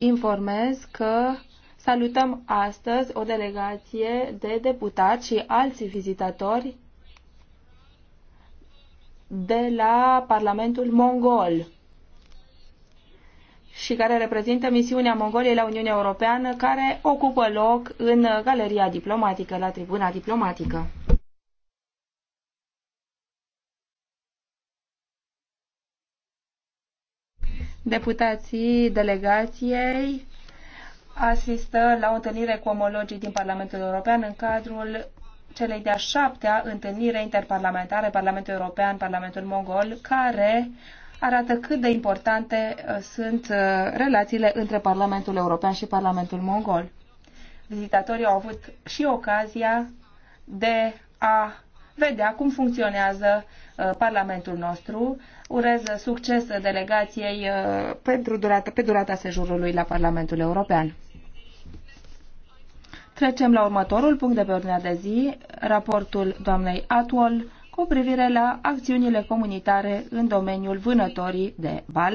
informez că salutăm astăzi o delegație de deputați și alți vizitatori de la Parlamentul Mongol și care reprezintă misiunea Mongoliei la Uniunea Europeană, care ocupă loc în Galeria Diplomatică, la Tribuna Diplomatică. Deputații delegației asistă la o întâlnire cu omologii din Parlamentul European în cadrul celei de-a șaptea întâlnire interparlamentare Parlamentul European, Parlamentul Mongol, care arată cât de importante uh, sunt uh, relațiile între Parlamentul European și Parlamentul Mongol. Vizitatorii au avut și ocazia de a vedea cum funcționează uh, Parlamentul nostru. Urez succes delegației uh, pentru durata, pe durata sejurului la Parlamentul European. Trecem la următorul punct de pe ordinea de zi, raportul doamnei Atwell cu privire la acțiunile comunitare în domeniul vânătorii de bale.